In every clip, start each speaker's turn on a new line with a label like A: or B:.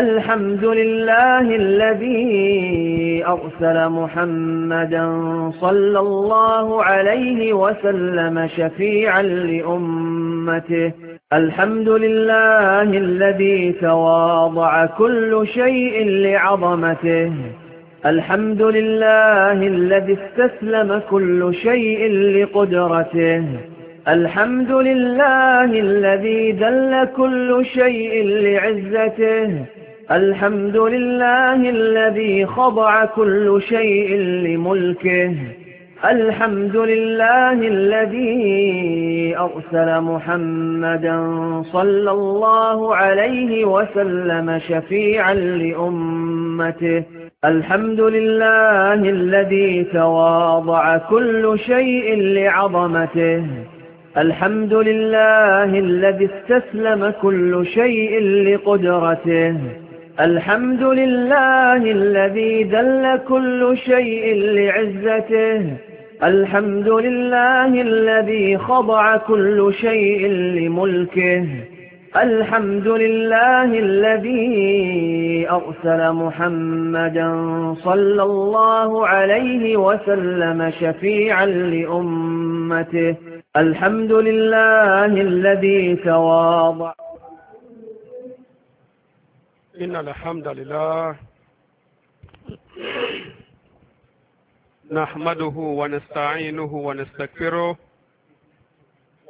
A: الحمد لله الذي أرسل محمدا صلى الله عليه وسلم شفيعا لأمته الحمد لله الذي تواضع كل شيء لعظمته الحمد لله الذي استسلم كل شيء لقدرته الحمد لله الذي دل كل شيء لعزته الحمد لله الذي خضع كل شيء لملكه الحمد لله الذي أرسل محمدا صلى الله عليه وسلم شفيعا لأمته الحمد لله الذي تواضع كل شيء لعظمته الحمد لله الذي استسلم كل شيء لقدرته الحمد لله الذي دل كل شيء لعزته الحمد لله الذي خضع كل شيء لملكه الحمد لله الذي أرسل محمدا صلى الله عليه وسلم شفيعا لأمته الحمد لله الذي تواضع
B: إن الحمد لله نحمده ونستعينه ونستغفره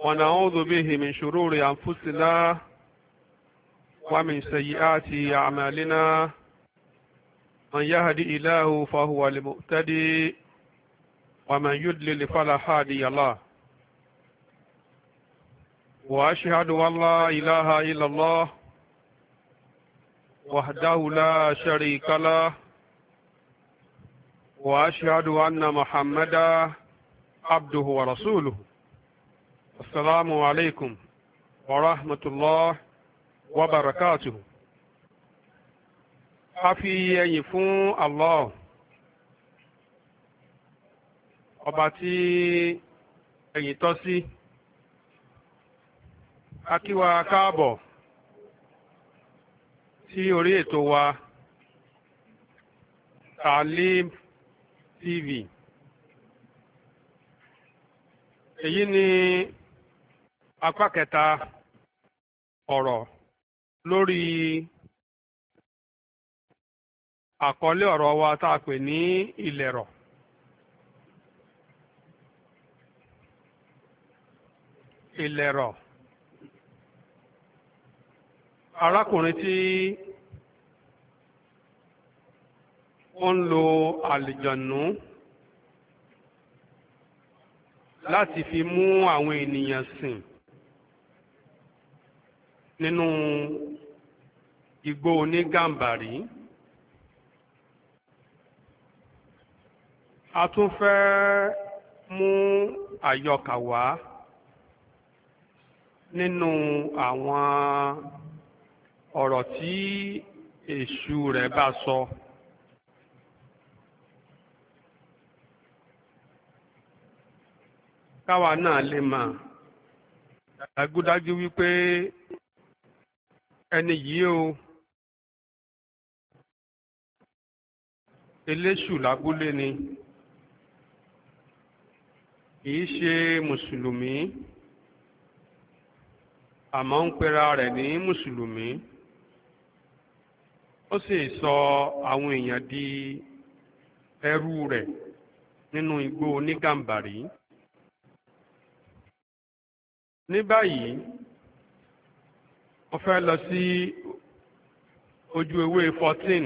B: ونعوذ به من شرور أنفسنا ومن سيئات أعمالنا من يهدي إله فهو المؤتدي ومن يدلل فلا هادي الله وأشهد أن لا إله إلا الله وحده لا شريك له وأشهد أن محمدا عبده ورسوله السلام عليكم ورحمة الله وبركاته afi ẹyìn fún Allah ọba tí ẹyìn tọ́ sí orí ètò wa Taalim TV èyí ni apá kẹta ọ̀rọ̀ lórí àkọlé ọ̀rọ̀ wa tá a pè ní ìlẹ̀rọ̀. ìlẹ̀rọ̀ arákùnrin tí ó ń lo àlìjànú láti fi mú àwọn ènìyàn sìn nínú igbó onígàmbàrí a tún fẹ́ mú àyọkà wá nínú àwọn ọ̀rọ̀ tí èṣù rẹ̀ bá sọ. káwa náà lè mà dájúdájú wípé ẹni yìí o eléṣù lábúlé ni kì í ṣe mùsùlùmí àmọ́ ń pera rẹ̀ ní mùsùlùmí ó sì sọ àwọn èèyàn di ẹrú rẹ̀ nínú igbó onígàmbàrí ní báyìí ó fẹ́ lọ sí ojú ewé fourteen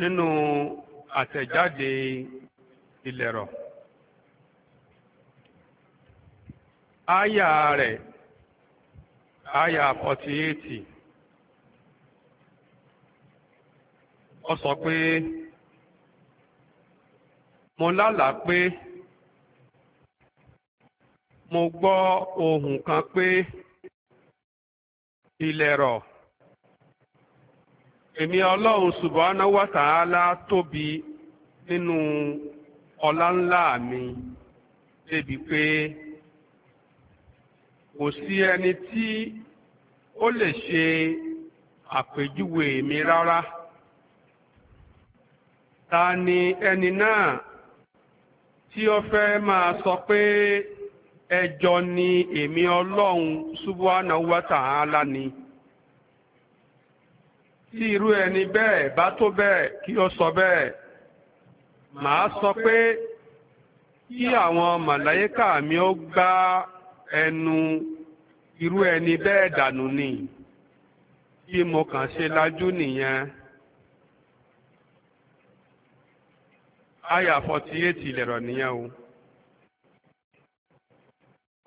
B: nínú àtẹ̀jáde ìlẹ̀rọ̀ áyà rẹ̀ aya 48 eight sọ pé mo laala pé mo gbọ́ ohun kan pé ilẹ̀ rọ̀ èmi ọlọ́run subhanahu wa ta'ala tóbi nínú ọlá ńlá mi débi pé. kò sí ẹni tí ó lè ṣe àpèjúwe mi rárá ta ni ẹni náà tí ó fẹ́ máa sọ pé ẹjọ́ ni èmi ọlọ́run subhanahu wa ta'ala ni tí irú ẹni bẹ́ẹ̀ bá tó bẹ́ẹ̀ kí ó sọ bẹ́ẹ̀ màá sọ pé kí àwọn màláyíkà mi ó gbá ẹnu irú ẹni bẹ́ẹ̀ dànù ni bí mo kàn ṣe lajú nìyẹn. aya forty eight ìlẹ̀rọ̀ nìyẹn o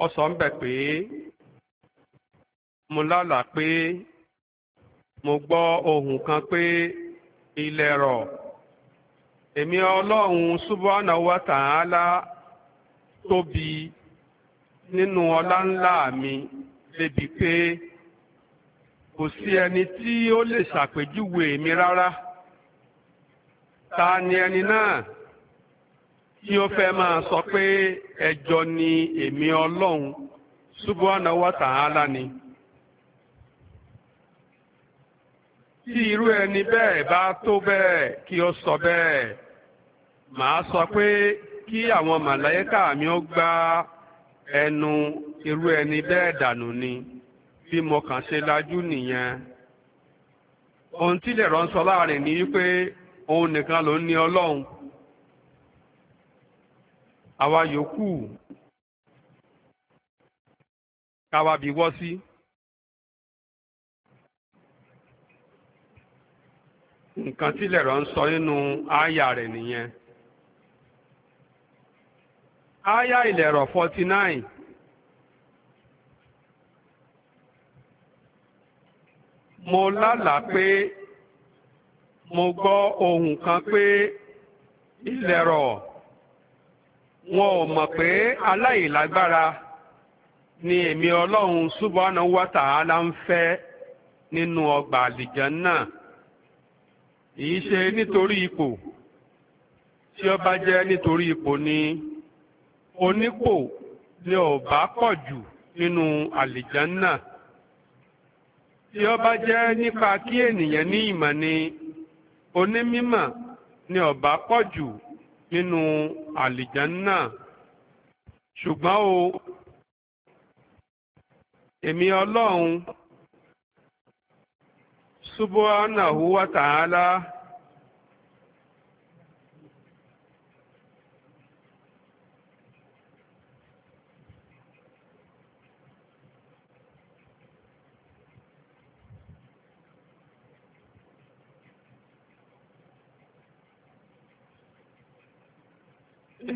B: ó sọ ń bẹ̀ pé mo lálàá pé mo gbọ́ ohun kan pé ìlẹ̀rọ̀ èmi ọlọ́run subhanahu wa ta'ala tóbi. nínú ọlá ńlá mi lébi pé kò sí ẹni tí ó lè ṣàpèjúwe mi rárá ta ni ẹni náà tí ó fẹ́ máa sọ pé ẹjọ́ ni èmi ọlọ́run subhana wa ta'ala ni. tí irú ẹni bẹ́ẹ̀ bá tó bẹ́ẹ̀ kí ó sọ bẹ́ẹ̀ màá sọ pé kí àwọn màláyíkà mi ó gbá. ẹnu irú ẹni bẹ́ẹ̀ dànù ni bí mo kàn ṣe lajú nìyẹn ohun tí lè rán sọ láàrin ni wípé òun nìkan ló ń ní ọlọ́run àwa yòókù káwa bí wọ́ sí. nǹkan tí lè rán sọ nínú àyà rẹ̀ nìyẹn. Aya ìlẹ̀rọ̀ 49 mo lálàá pé mo gbọ́ ohun kan pé ìlẹ̀rọ̀ wọn ò mọ̀ pé aláìlágbára ni èmi ọlọ́run subhanahu wa ta'ala ń fẹ́ nínú ọgbà àlìjánnà kì í ṣe nítorí ipò tí ó bá jẹ́ nítorí ipò Ni onípò ni ọba pọ̀ jù nínú àlìjánná tí ọba bá jẹ́ nípa kí ènìyàn ní ìmọ̀ ni onímímọ̀ ni ọba pọ̀ jù nínú àlìjánná ṣùgbọ́n o èmi ọlọ́run subhanahu wa ta'ala.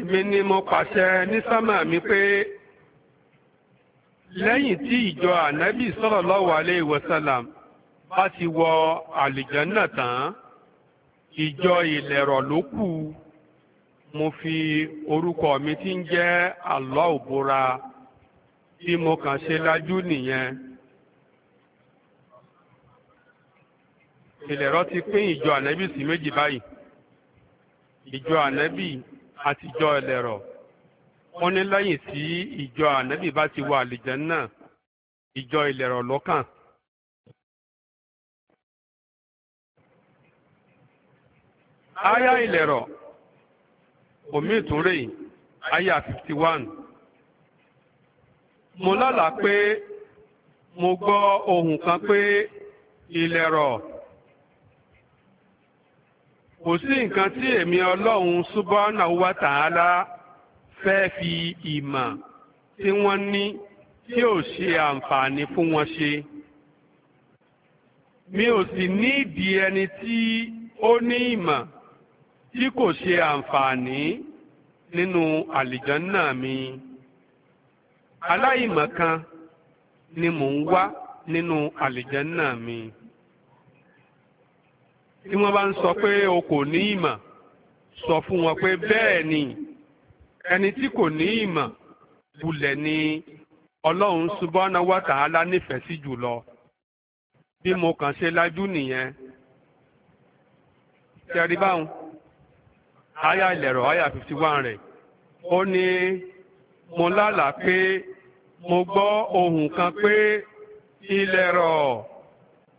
B: èmi ni mo pàṣẹ ní sámà mi pé lẹ́yìn tí ìjọ ànábì sallallahu alayhi wa sallam bá ti wọ àlìjánná tán ìjọ ìlẹ̀rọ̀ ló kù mo fi orúkọ mi tí ń jẹ́ Allah búra bí mo kàn ṣe lajú nìyẹn. ìlẹ̀rọ̀ ti pín ìjọ ànábì sí méjì báyìí ìjọ ànábì àtijọ́ ẹlẹ́rọ̀ wọ́n ní lẹ́yìn tí ìjọ ànábì bá ti wọ àlìjẹ́nnà ìjọ ìlẹ̀rọ̀ lọ́kàn.
C: aya ìlẹ̀rọ̀
B: omi ìtúnrè aya fifty one mo lálàá pé mo gbọ́ ohùn kan pé ìlẹ̀rọ̀ kò sí nǹkan tí èmi ọlọ́run subhanahu wa ta'ala fẹ́ fi ìmọ̀ tí wọ́n ní tí ò ṣe àǹfààní fún wọn ṣe. mi ò sì ní ìdí ẹni tí ó ní ìmọ̀ tí kò ṣe àǹfààní nínú àlìjánná mi. aláìmọ̀ kan ni mò ń wá nínú àlìjánná mi tí wọ́n bá ń sọ pé o kò ní ìmọ̀ sọ fún wọn pé bẹ́ẹ̀ ni ẹni tí kò ní ìmọ̀ bulẹ̀ ni ọlọ́run subhanahu wa ta'ala nífẹ̀ẹ́ sí jùlọ bí mo kàn ṣe lajú nìyẹn tẹ̀rí báwọn aya ìlẹ̀rọ̀ aya fifty one rẹ̀ ó ní mo lálàá pé mo gbọ́ ohùn kan pé ilẹ̀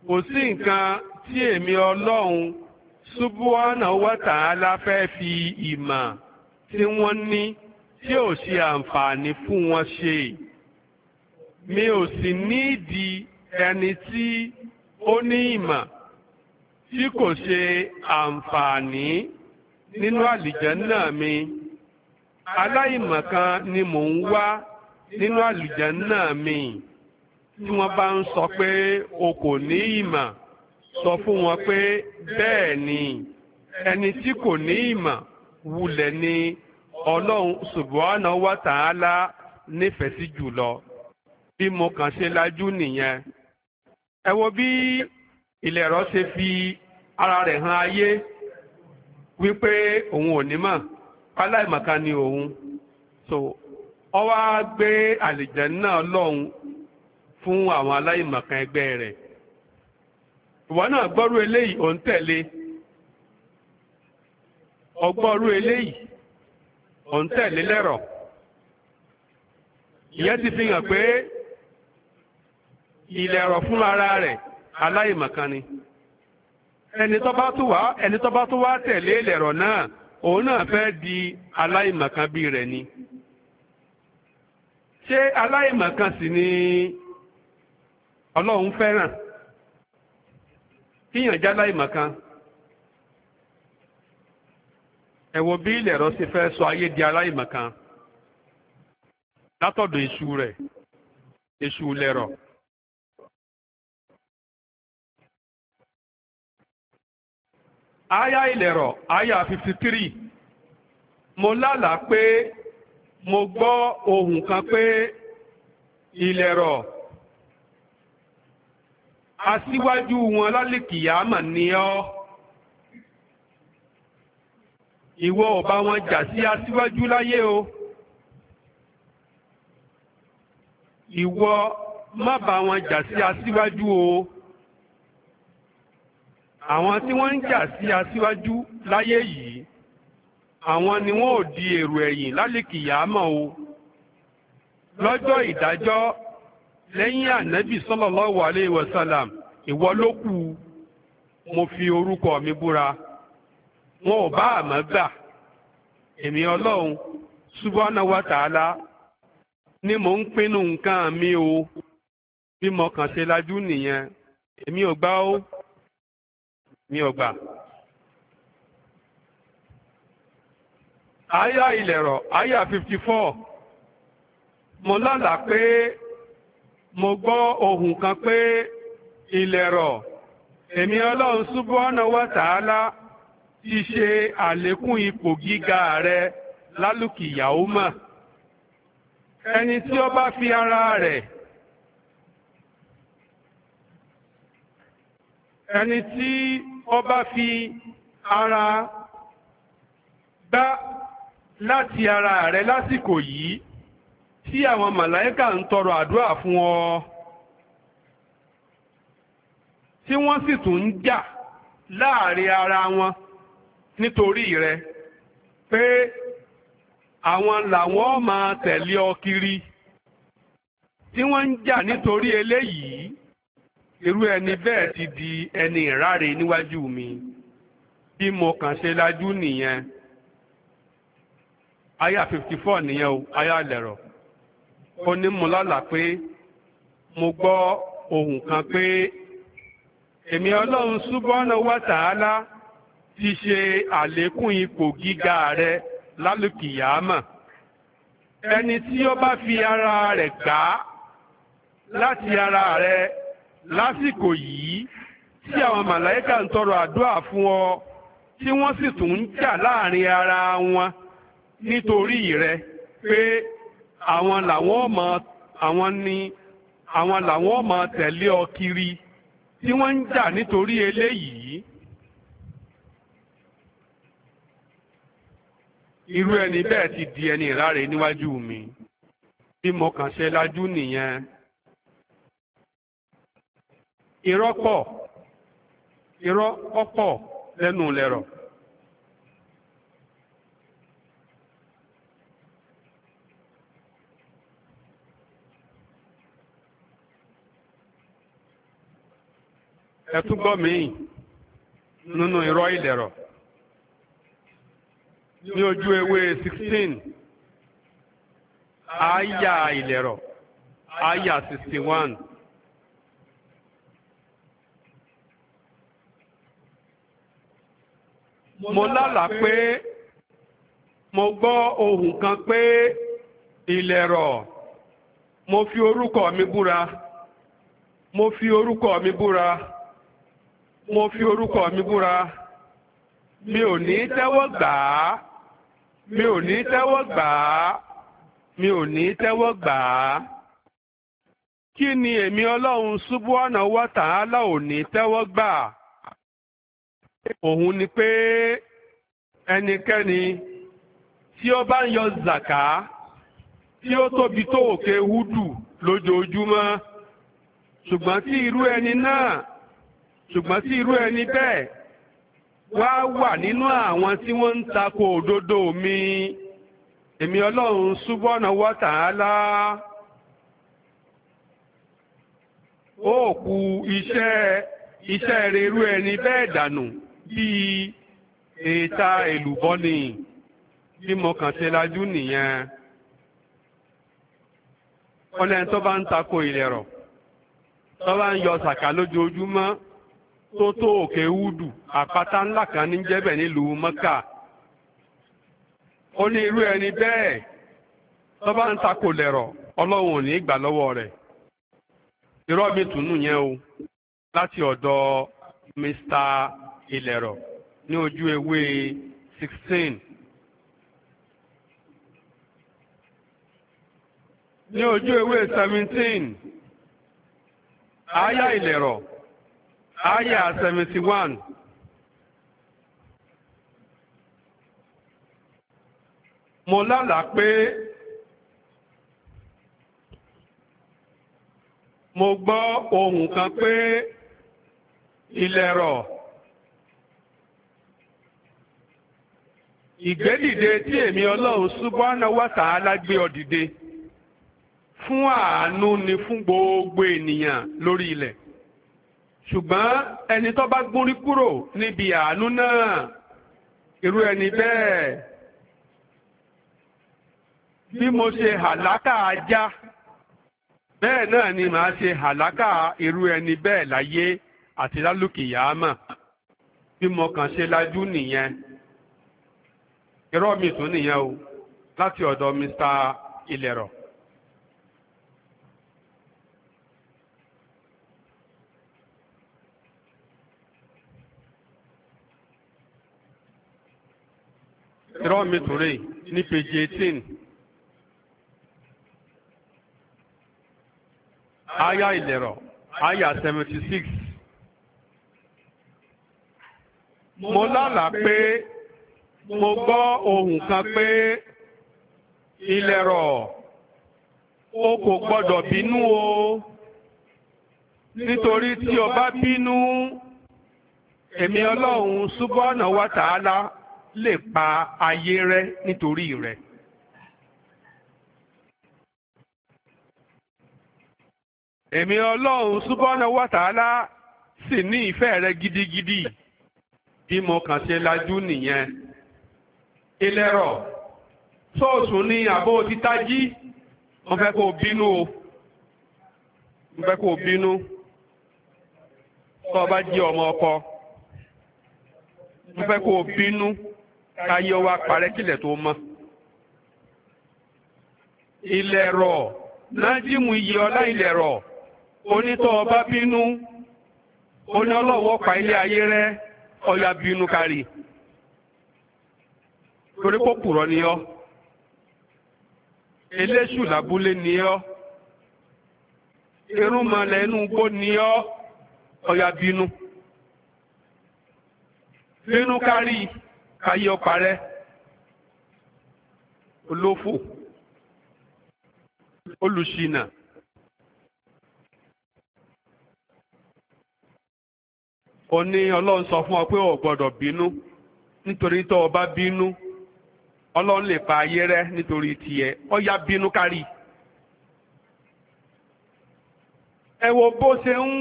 B: kò sí nǹkan tí èmi ọlọ́run ṣubúhánà wọ́tàálá fẹ́ fi ìmọ̀ tí wọ́n ní tí ò ṣe àǹfààní fún wọn ṣe mi ò sì nídìí ẹni tí ó ní ìmọ̀ tí kò ṣe àǹfààní nínú àlìjẹ́nnà mi aláìmọ̀kan ni mò ń wá nínú àlìjẹ́nnà mi tí wọ́n bá ń sọ pé o kò ní ìmọ̀ sọ fún wọn pé bẹ́ẹ̀ ni ẹni tí kò ní ìmọ̀ wulẹ̀ ni ọlọ́run subhanahu wa ta'ala nífẹ̀ẹ́ sí jùlọ bí mo kàn ṣe lajú nìyẹn ẹ wo bí ilẹ̀ ẹ̀rọ ṣe fi ara rẹ̀ hàn ayé wípé òun ò ní mọ̀ aláìmọ̀kan ni òun so ó wá gbé àlìjẹ́ náà lọ́hùn fún àwọn aláìmọ̀kan ẹgbẹ́ rẹ̀ ìwọ náà gbọ́rú eléyìí ò ń tẹ̀lé ọgbọ́rú eléyìí ò ń tẹ̀lé lẹ́rọ̀ ìyẹn ti fi hàn pé ilẹ̀ ọ̀rọ̀ fún ara rẹ̀ aláìmọ̀kan ni ẹni tó bá tó wá ẹni tó bá tó wá tẹ̀lé ilẹ̀ ọ̀rọ̀ náà òun náà fẹ́ di aláìmọ̀kan bí rẹ̀ ni ṣé aláìmọ̀kan sì ni ọlọ́run fẹ́ràn. kíyàn jálá ìmọ̀kan ẹ wo bí ilẹ̀ ẹ̀rọ ṣe fẹ́ sọ ayé di aláìmọ̀kan látọ̀dọ̀ èṣù rẹ̀ èṣù lẹ̀rọ̀. aya ìlẹ̀rọ̀ aya fifty three mo lálàá pé mo gbọ́ ohùn kan pé ìlẹ̀rọ̀. aṣíwájú wọn lálẹ́kìyàmà ni ọ́ ìwọ ò bá wọn jà sí aṣíwájú láyé o ìwọ má bá wọn jà sí aṣíwájú o àwọn tí wọ́n ń jà sí aṣíwájú láyé yìí àwọn ni wọ́n ò di èrò ẹ̀yìn lálẹ́kìyàmà o lọ́jọ́ ìdájọ́ lẹ́yìn ànábì sallallahu alayhi wa sallam ìwọ ló kù mo fi orúkọ mi búra wọn ò bá àmọ́ gbà èmi ọlọ́run subhanahu wa ta'ala ni mò ń pinnu nǹkan mi o bí mo kàn ṣe lajú nìyẹn èmi ò gbà ó mi ò gbà. àyà ilẹ̀rọ̀ àyà fifty four mo lálàá pé mo gbọ́ ohun kan pé ilẹ̀ rọ̀ èmi ọlọ́run Subhana wa ti ṣe àlékún ipò gíga rẹ lálùkìyàwó mọ̀
C: ẹni tí ó bá fi ara
B: rẹ̀ ẹni tí ó bá fi ara gbá láti ara rẹ̀ lásìkò yìí tí àwọn màláíkà ń tọrọ àdúrà fún ọ tí wọ́n sì tún ń jà láàrin ara wọn nítorí rẹ pé àwọn làwọn máa tẹ̀lé ọ kiri tí wọ́n ń jà nítorí eléyìí irú ẹni bẹ́ẹ̀ ti di ẹni ìráre níwájú mi bí mo kàn ṣe lajú nìyẹn aya fifty four nìyẹn o aya lẹ̀rọ̀. ó ní mo lálà pé mo gbọ́ ohùn kan pé èmi ọlọ́run súbọ́nà wa tààlà ti ṣe àlékún ipò gíga rẹ lálùkìyàmà
C: ẹni tí ó bá fi ara rẹ̀ gbà
B: á láti ara rẹ lásìkò yìí tí àwọn màláíkà ń tọrọ àdúrà fún ọ tí wọ́n sì tún ń jà láàrin ara wọn nítorí rẹ pé àwọn làwọn ọmọ àwọn ni àwọn làwọn ọmọ tẹ̀lé ọ kiri tí wọ́n ń jà nítorí eléyìí.
A: irú ẹni bẹ́ẹ̀ ti di ẹni ìráre
B: níwájú mi bí mo kàn ṣe lájú nìyẹn. irọ́ pọ̀ irọ́ ọ̀pọ̀ lẹ́nu lẹ̀rọ̀. ẹtún mi míì
C: nínú irọ́ ìdẹ̀rọ̀ ní ojú ewé sixteen
B: àyà ìdẹ̀rọ̀ àyà sixty one.
C: mo lálàá pé
B: mo gbọ́ ohùn kan pé ìlẹ̀rọ̀ mo fi orúkọ mi búra mo fi orúkọ mi búra. mo fi orúkọ mi búra mi ò ní tẹ́wọ́ gbà á
A: mi ò ní tẹ́wọ́ gbà
B: á mi ò ní tẹ́wọ́ gbà á. kí ni èmi ọlọ́run subhanahu wa ta'ala ò ní tẹ́wọ́ gbà á. òun ni pé ẹnikẹ́ni tí ó bá ń yọ zàká tí ó tóbi tó òkè húdù lójoojúmọ́ ṣùgbọ́n tí irú ẹni náà ṣùgbọ́n tí irú ẹni bẹ́ẹ̀ wá wà nínú àwọn tí wọ́n ń takò òdodo mi èmi ọlọ́run súbọ́nà wọ́tàálá ó kù iṣẹ́ iṣẹ́ rere irú ẹni bẹ́ẹ̀ dànù bíi èta èlùbọ́nì bí mo kàn ṣe lajú nìyẹn ọlẹ́ni tó bá ń takò ìlẹ̀rọ̀ tó bá ń yọ sàkà lójoojúmọ́. tó tó òkè údù àpáta ńlá kan ní jẹ́bẹ̀ nílùú mọ́kà ó ní irú ẹni bẹ́ẹ̀ tó bá ń takò lẹ̀rọ̀ ọlọ́run ò ní gbà lọ́wọ́ rẹ̀ irọ́ mi tùnú yẹn o láti ọ̀dọ̀ Mr. Ìlẹ̀rọ̀ ní ojú ewé sixteen.
C: ní ojú ewé seventeen
B: àáyá ìlẹ̀rọ̀ aya seventy one. mo lálàá pé mo gbọ́ ohun kan pé ilẹ̀ igbedide tí èmi ọlọ́run Subhana wa Ta'ala gbé fún àánú ni fún gbogbo ènìyàn lórí ilẹ̀. ṣùgbọ́n ẹni tó bá gúnrí kúrò níbi àánú náà irú ẹni bẹ́ẹ̀ bí mo ṣe hàlákà ajá bẹ́ẹ̀ náà ni màá ṣe hàlákà irú ẹni bẹ́ẹ̀ láyé àti lálùkìyàmà bí mo kàn ṣe lajú nìyẹn irọ́ mi tún nìyẹn o láti ọ̀dọ̀ Mr. Ilẹ̀rọ̀. irọ́ mi today ní page eighteen aya ìlẹ̀rọ̀ aya seventy six.
C: mo lálàá pé
B: mo gbọ́ ohùn kan pé ìlẹ̀rọ̀
C: o kò gbọ́dọ̀ bínú o
B: nítorí tí o bá bínú èmi ọlọ́run subhanahu wa ta'ala lè pa ayé rẹ́ nítorí rẹ̀. èmi ọlọ́run subhanahu wa ta'ala sì ní ìfẹ́ rẹ gidigidi bí mo kàn ṣe lajú nìyẹn. ilẹ̀rọ̀ sóòsù ní àbó títájí mo fẹ́ kó bínú o mo fẹ́ kó bínú tó o bá jí ọmọ ọkọ mo fẹ́ kó bínú.
C: káyé wa parẹ́
B: kílẹ̀ tó mọ́. ilẹ̀ rọ̀ nájímù iyì ọlá ilẹ̀ rọ̀
A: onítọ̀ ọba bínú
B: oní ọlọ́wọ́ pa ilé ayé rẹ ọ̀yà bínú kárì torí kó kùrọ̀ ni ọ́ eléṣù làbúlé ni ọ́ irúnmọlẹ̀ inú igbó ni ọ́ ọ̀yà bínú bínú kárì. ayé ọpa olófò olùṣìnà ó ní ọlọ́run sọ fún ọ pé ọ gbọ́dọ̀ bínú nítorí tó o bá bínú ọlọ́run lè pa ayé rẹ nítorí tiẹ̀ ọ yá bínú kárí. ẹ wo bó ṣe ń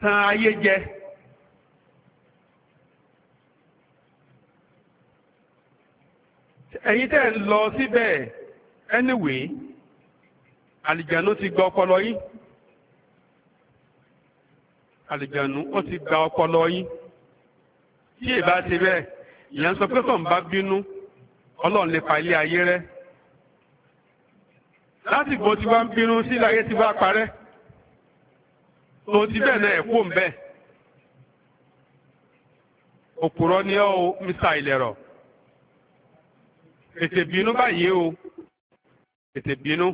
B: tan ayé jẹ. ẹ̀yin tẹ́ ń lọ síbẹ̀ anyway àlìjànú ti gba ọpọlọ yín àlìjànú ó ti gba ọpọlọ yín tí èbá ti bẹ́ẹ̀ ìyẹn sọ pé tóun bá bínú ọlọ́run lè pa ilé ayé rẹ́ lásìkò tí wọ́n ń bínú sílẹ̀ ayé ti wá parẹ́
A: tó ti bẹ́ẹ̀ náà ẹ̀ kó bẹ́ẹ̀
B: òpùrọ́ ni ọ́ o mr ilẹ̀rọ̀ tètè bínú báyìí o tètè bínú.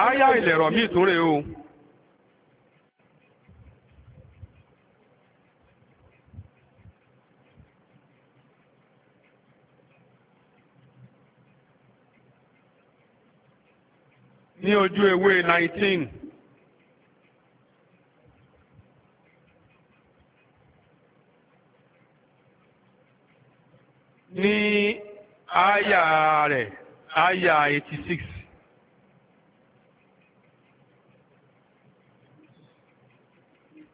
B: àáyá ilẹ̀ rọ̀ mí ìtúnrẹ́ o. ní ojú ewé 19 ní àyà rẹ̀ àyà 86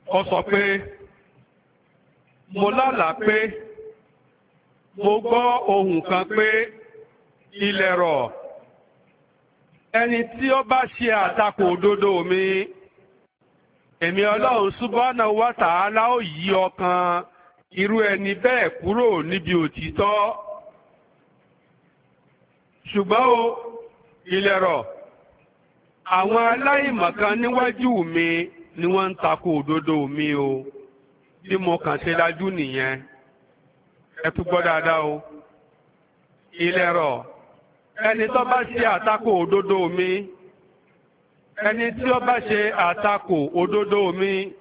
B: ọ sọ pé mo lálàá pé mo gbọ́ ohùn kan pé ilẹ̀ rọ̀. ẹni tí ó bá ṣe àtakò òdodo mi èmi ọlọ́run subhanahu wa ta'ala ó yí ọkàn irú ẹni bẹ́ẹ̀ kúrò níbi òtítọ́ ṣùgbọ́n o ìlẹ̀rọ̀ àwọn aláìmọ̀kan níwájú mi ni wọ́n ń takò òdodo mi o bí mo kàn ṣe lajú nìyẹn ẹ tún gbọ́ dáadáa o ìlẹ̀rọ̀
A: ẹni tó bá
B: ṣe àtakò òdodo mi ẹni tí ó bá ṣe àtakò òdodo mi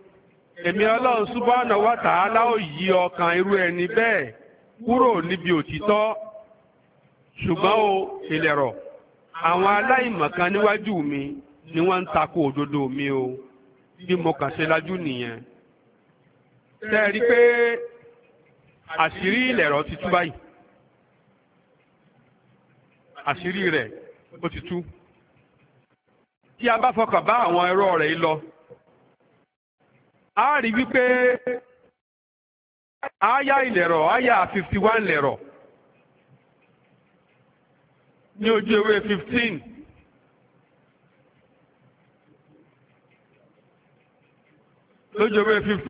B: èmi ọlọ́run subhanahu wa ta'ala ó yí ọkàn irú ẹni bẹ́ẹ̀ kúrò níbi òtítọ́ ṣùgbọ́n o ìlẹ̀rọ̀ àwọn aláìmọ̀kan níwájú mi ni wọ́n ń takò òdodo mi o bí mo kàn ṣe lajú nìyẹn tẹ́ ẹ rí i pé
A: àṣírí ìlẹ̀rọ̀ ti tú báyìí
B: àṣírí rẹ̀ ó ti tú tí a bá fọkàn bá àwọn ẹ̀rọ rẹ̀ lọ a rí wípé aya ìlẹ̀rọ̀ aya fifty one lẹ̀rọ̀ ní ojú ewé fifteen. lójú ewé fifteen.